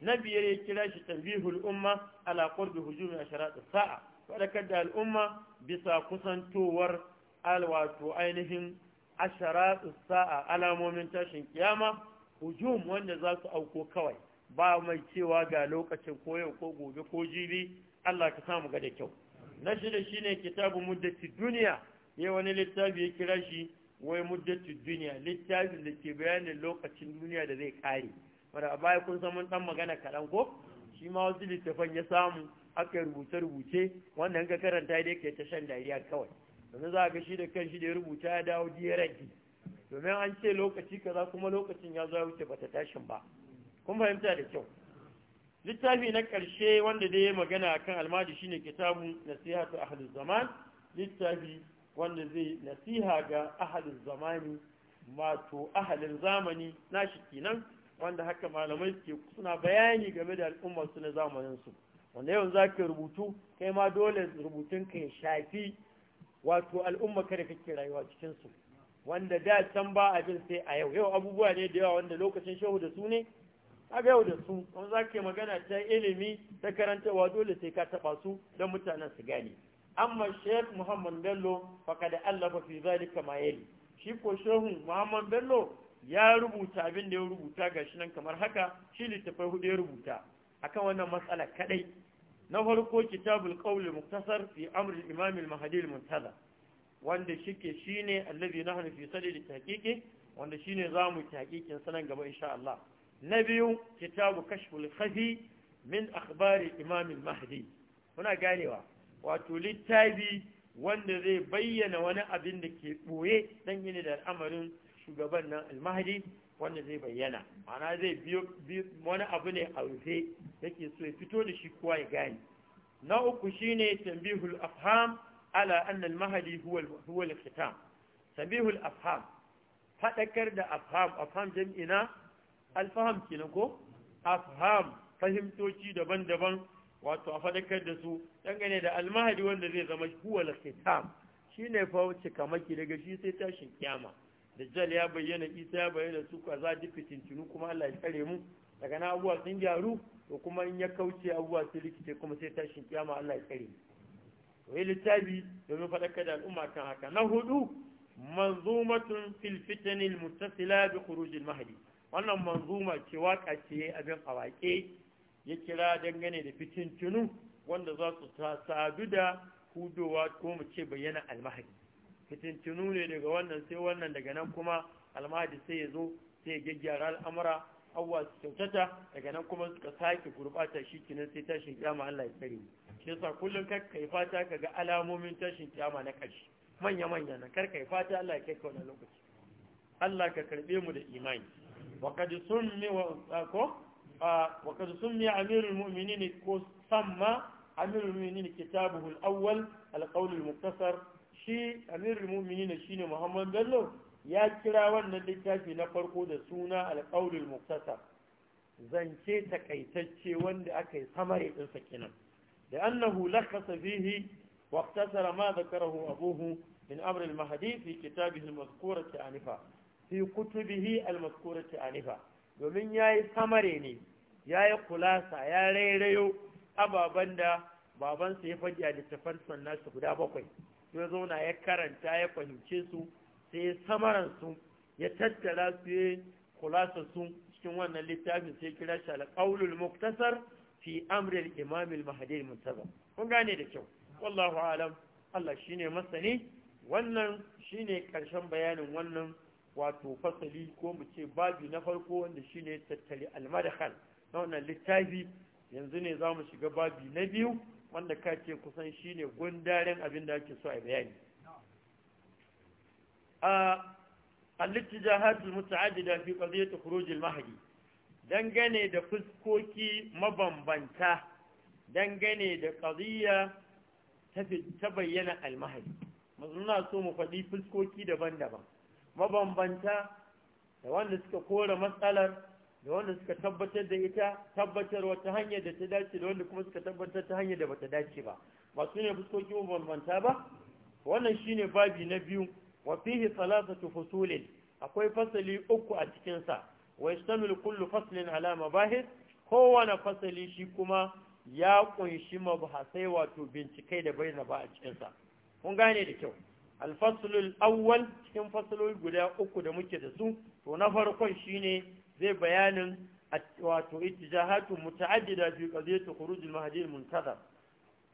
na biyar ya kira shi tambihul umma ala qurbi hujumi sharatu sa'a faɗakar da al'umma bisa kusantowar alwato ainihin ashara sa'a alamomin tashin kiyama hujum wanda za su auko kawai ba mai cewa ga lokacin koyon ko gobe ko jibi Allah ka samu ga da kyau na shida shine kitabu muddati duniya yayi wani littafi ya kira shi wai muddati duniya littafin da ke bayanin lokacin duniya da zai kare wanda a baya kun san mun dan magana kaɗan ko shi ma wasu littafan ya samu aka rubuce-rubuce wannan ga karanta dai ke ta shan dariya kawai domin za a ga shi da kan shi da ya rubuta ya dawo ya domin an ce lokaci kaza kuma lokacin ya zo wuce bata tashin ba kun fahimta da kyau littafi na ƙarshe wanda dai ya magana akan almadi shine kitabu nasihatu ahlul zaman littafi wanda zai nasiha ga ahalin zamani mato ahalin zamani nashi kenan wanda haka malamai suke suna bayani game da al'ummar su na zamanin su wanda yau za ka rubutu kai ma dole rubutun ka ya shafi wato al'umma kada kake rayuwa cikin su wanda da can ba abin sai a yau yau abubuwa ne da yawa wanda lokacin shehu da su ne a yau da su kuma za ka magana ta ilimi ta karantarwa dole sai ka taɓa su don mutanen su gane amma sheikh muhammad bello kada allah fa fi zalika ma yali shi ko shehu muhammad bello ya rubuta abin da ya rubuta gashi nan kamar haka shi littafai hudu ya rubuta akan wannan matsala kadai na farko kitabul qawli muktasar fi amri al-imam al-mahdi al-muntaza wanda shike shine allazi nahnu fi sadri tahqiqi wanda shine zamu tahqiqin sanan gaba insha Allah na biyu kitabu kashful khafi min akhbari imam al-mahdi kuna ganewa wato littafi wanda zai bayyana wani abin da ke boye dangane da al'amarin shugaban nan al-mahdi wanda zai bayyana mana zai biyo wani abu ne a rufe yake so ya fito da shi kowa ya gane na uku shine tambihul afham ala anna al huwa huwa al-khitam tambihul afham fadakar da afham afham jam'ina al-faham kenan ko afham fahimtoci daban-daban wato a fadakar da su dangane da al-mahdi wanda zai zama huwa al-khitam shine fa wuce kamaki daga shi sai tashin kiyama dajjal ya bayyana isa ya bayyana su kaza duk fitintinu kuma Allah ya tsare mu daga na abuwa sun gyaru to kuma in ya kauce abuwa sun rikice kuma sai tashin kiyama Allah ya tsare mu to yi littafi domin faɗakar da al'umma kan haka na hudu manzumatun fil fitanil mutasila bi khurujil mahdi wannan manzuma ce waka ce abin awake ya kira dangane da fitintinu wanda za su sadu da hudowa ko mu ce bayyana almahadi fitintinu ne daga wannan sai wannan daga nan kuma almahadi sai ya zo sai ya gyaggyara al'amura abuwa su kyautata daga nan kuma suka sake gurbata shi kinan sai tashin kyama Allah ya tsare ni. shi yasa kullum kar kai fata kaga alamomin tashin kyama na ƙarshe manya manya na kar kai fata Allah ya kai ka wannan lokaci Allah ka karbe mu da imani wa qad summi wa ko wa qad summi amirul mu'minin ko samma amirul mu'minin kitabuhu al-awwal al al-muktasar shi amirul ne shine muhammad bello ya kira wannan littafi na farko da suna alqaulul muktasa zance takaitacce wanda aka yi samari ɗinsa kenan da annahu lakasa fihi wa iktasara ma zakarahu abuhu min amr al-mahdi fi kitabihi al-mazkurati anifa fi kutubihi al-mazkurati anifa domin yayi samare ne yayi kulasa ya rairayo ababan da babansa ya faɗi a littafan su guda bakwai ya zauna ya karanta ya fahimce su sai ya samaran su ya tattara su ya kulasa su cikin wannan littafin sai kira shi alƙaulul muktasar fi amril imamil mahadin muntaza kun gane da kyau wallahu alam Allah shine masani wannan shine karshen bayanin wannan wato fasali ko mu ce babi na farko wanda shine tattali almadkhal na wannan littafi yanzu ne zamu shiga babi na biyu wanda ka ce kusan shi ne gundaren abin da ake so a bayani a al-ittijahatul muta'addida fi qadiyat khuruj mahdi dangane da fuskoki mabambanta dangane da qadiyya ta bayyana al-mahdi mazuna so mu faɗi fuskoki daban-daban mabambanta da wanda suka kora matsalar da wanda suka tabbatar da ita tabbatar wata hanyar da ta dace da wanda kuma suka tabbatar ta hanyar da bata dace ba ba su ne fuskoki mabambanta ba wannan shine babi na biyu wa fihi salasatu fusulin akwai fasali uku a cikinsa wai wa kullu faslin ala mabahis kowane fasali shi kuma ya kunshi mabahasai wato bincikai da bai ba a cikinsa mun kun gane da kyau alfaslul awwal cikin fasaloli guda uku da muke da su to na farkon shine zai bayanin wato ittijahatu muta'addida fi qadiyati khuruj al-mahdi al-muntazar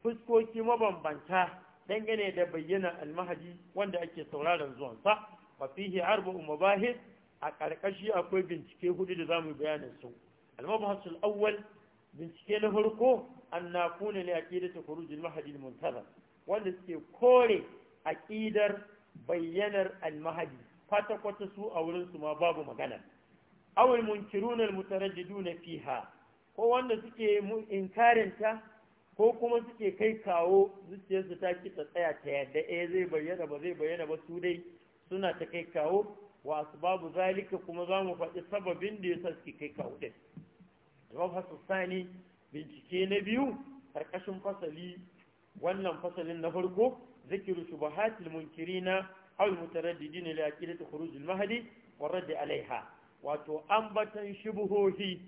fuskoki mabambanta dangane da bayyana al-mahdi wanda ake sauraron zuwan sa wa fihi arba'u mabahith a karkashi akwai bincike hudu da zamu bayanin su al-mabahith al-awwal bincike na farko an nakuna li aqidati khuruj al-mahdi al-muntazar wanda suke kore aqidar bayyanar al-mahdi fata kwata su a wurin su ma babu magana awul munkiruna almutarajjiduna fiha ko wanda suke ta ko kuma suke kai kawo zuciyarsu ta ki ta tsaya ta yadda eh zai bayyana ba zai bayyana ba su dai suna ta kai kawo wa asbabu zalika kuma za mu faɗi sababin da yasa suke kai kawo din mafasu sani bincike na biyu karkashin fasali wannan fasalin na farko zikiru shubahatil munkirina aw mutaraddidin li aqidati khuruj al mahdi wa radd alaiha wato ambatan shubuhohi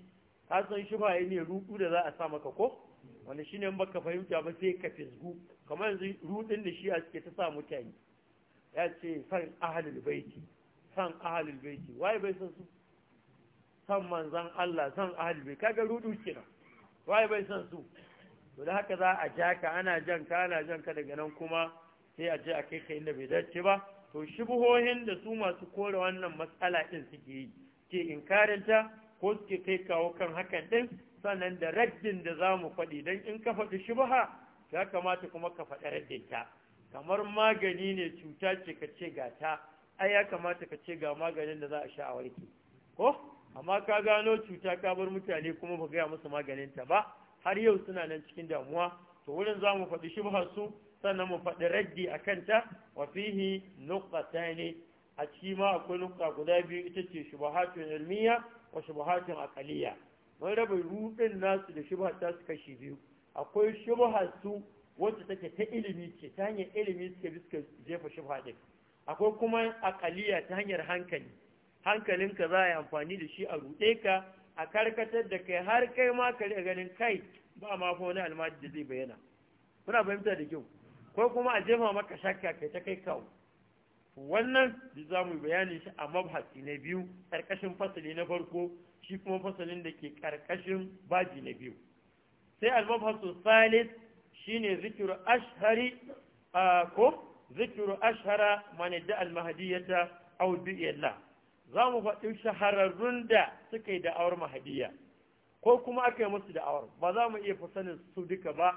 ka san shubaye ne rudu da za a sa maka ko wanda shine ne baka fahimta ba sai ka fisgu kamar yanzu rudin da shi a suke ta sa mutane ya ce san ahalul baiti san ahalul baiti waye bai san su san manzan Allah san ahalul baiti kaga rudu kina waye bai san su to da haka za a ja ka ana jan ka ana jan ka daga nan kuma sai a je a kai ka inda bai dace ba to shubuhohin da su masu kore wannan matsala din suke yi suke inkarinta ko suke kai kawo kan hakan ɗin sannan da raddin da za mu faɗi don in ka faɗi shi ba ya kamata kuma ka faɗi ta. kamar magani ne cuta ce ka ce ga ta ai ya kamata ka ce ga maganin da za a sha a warke ko amma ka gano cuta ka bar mutane kuma ba gaya musu maganin ta ba har yau suna nan cikin damuwa to wurin za mu faɗi shi ba su sannan mu faɗi raddi a kanta wa fihi nuqatani a ciki ma akwai nuka guda biyu ita ce shubahatun ilmiya wa shubahatun akaliya mun raba rudin nasu da shubha ta su kashi biyu akwai shubahatu wacce take ta ilimi ce ta hanyar ilimi suke biska jefa shubha akwai kuma akaliya ta hanyar hankali hankalinka za a yi amfani da shi a ruɗe ka a karkatar da kai har kai ma ka riga ganin kai ba ma fa wani almajiri da zai bayyana kuna fahimta da kyau ko kuma a jefa maka shakka kai ta kai kawo wannan da za mu bayani shi a mabhasi na biyu ƙarƙashin fasali na farko shi kuma fasalin da ke ƙarƙashin baji na biyu sai al-mabhasu salis shine zikiru ashhari ko zikiru ashhara man da al-mahdiyata aw bi'illah za mu faɗi shahararrun da suka yi da'awar mahdiya ko kuma aka yi musu da'awar ba za mu iya fasalin su duka ba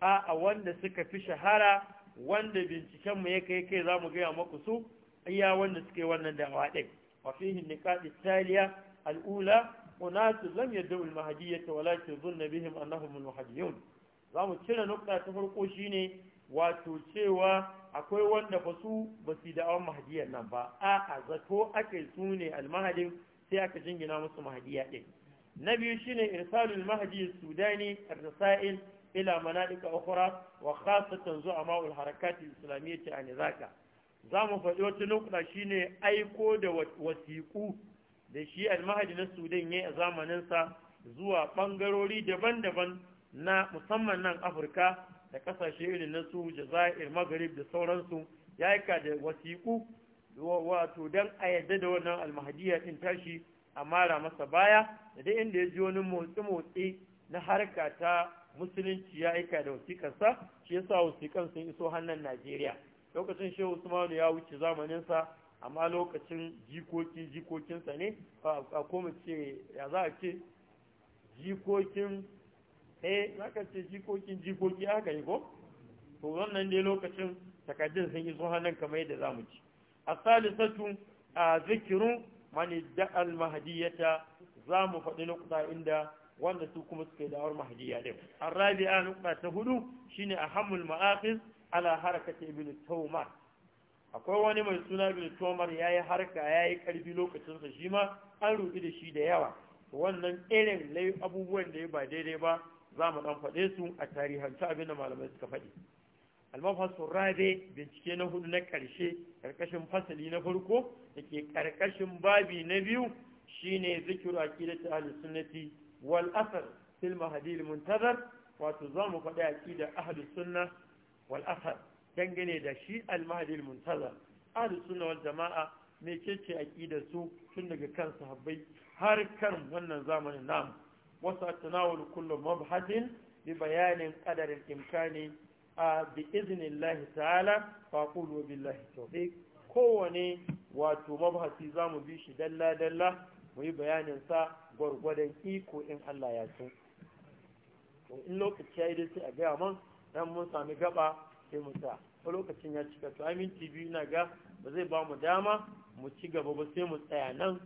a wanda suka fi shahara wanda bincikenmu ya kai kai za mu gaya maku su iya wanda suke wannan da'awa ɗin wa fihi niqati taliya al'ula unasu lam yad'u al-mahdiyyata walakin dhunna bihim annahum al-mahdiyun za mu cire nukta ta farko shine wato cewa akwai wanda ba su ba su da'awan mahadiyyar nan ba a'a zato ake su ne al sai aka jingina musu mahadiyya ɗin na biyu shine irsalul mahdi sudani ar-rasail ila manadika ukhra wa khasatan zu'ama al harakat al islamiyyah an za zamu faɗi wata lokuta shine aiko da wasiƙu da shi almahadi na sudan ya yi a zamaninsa zuwa ɓangarori daban-daban na musamman nan afirka da ƙasashe irin na su jazair maghrib da sauransu ya aika da wasiƙu wato don a yadda da wannan almahadiyya ɗin tashi a mara masa baya da dai inda ya ji wani motsi-motsi na harka ta musulunci ya aika da wasiƙarsa shi yasa wasiƙan sun iso hannun Najeriya lokacin Shehu Usmanu ya wuce zamaninsa amma lokacin jikoki jikokinsa ne a koma ce ya za a ce jikokin eh za ka ce jikokin jikoki haka yi ko to wannan ne lokacin takaddun sun iso hannun kamar yadda za mu ci a salisatu a zikirun mani da'al mahadiyata za mu faɗi lokuta inda wanda su kuma suke da da'awar mahdiya din arabi'a nukta ta hudu shine ahammul ma'aqiz ala harakati ibn tawmar akwai wani mai suna ibn tawmar yayi harka yayi karfi lokacin sa shi an rubi da shi da yawa wannan irin lai abubuwan da ya ba daidai ba za mu dan faɗe su a tarihance abin da malamai suka faɗi almafasul Rabi bincike na hudu na ƙarshe karkashin fasali na farko dake ke ƙarƙashin babi na biyu shine zikiru aqidatu ahlus sunnati wal asar fil muntazar wato za mu faɗi aqidar ahlus sunna wal asar dangane da shi al mahdi muntazar ahlus sunna wal jama'a me ce aqidar su tun daga kan sahabbai har kan wannan zamanin namu wasu tanawul kullu mabhadin bi bayanin qadarin imkani a bi iznillahi ta'ala fa qulu billahi tawfiq kowane wato mabhasi zamu bi shi dalla dalla mu yi sa gwargwadon iko in Allah ya to in lokaci ya yi sai a gaya man dan mun sami gaba sai mu sa lokacin ya cika to minti biyu na ga ba zai ba mu dama mu ci gaba ba sai mu tsaya nan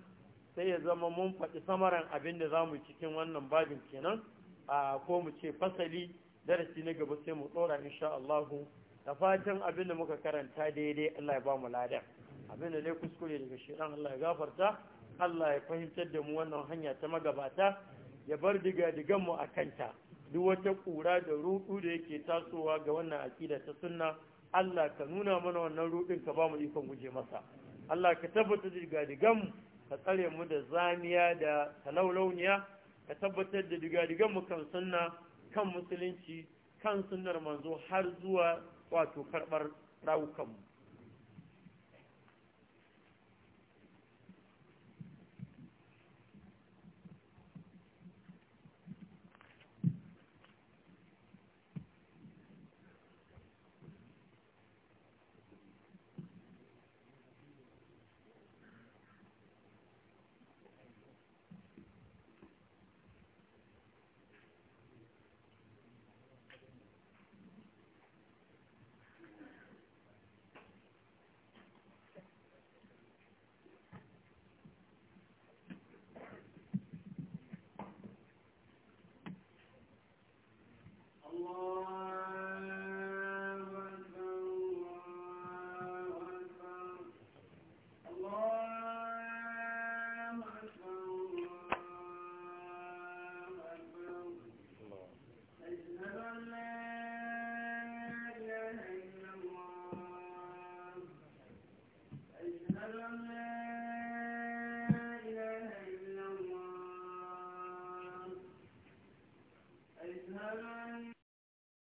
sai ya zama mun faɗi samaran abin da za mu cikin wannan babin kenan a ko mu ce fasali darasi na gaba sai mu ɗora insha Allah da fatan abin da muka karanta daidai Allah ya ba mu ladan abin da ne kuskure daga shi Allah ya gafarta Allah ya fahimtar da mu wannan hanya ta magabata ya bar diga mu a kanta duk wata ƙura da rudu da yake tasowa ga wannan aƙida ta sunna Allah ka nuna mana wannan rudin ka ba mu ikon guje masa Allah ka tabbatar da diga-digan ka tsare mu da zamiya da talaulauniya ka tabbatar da diga-digan mu kan sunna kan musulunci kan sunnar manzo har zuwa wato karɓar mu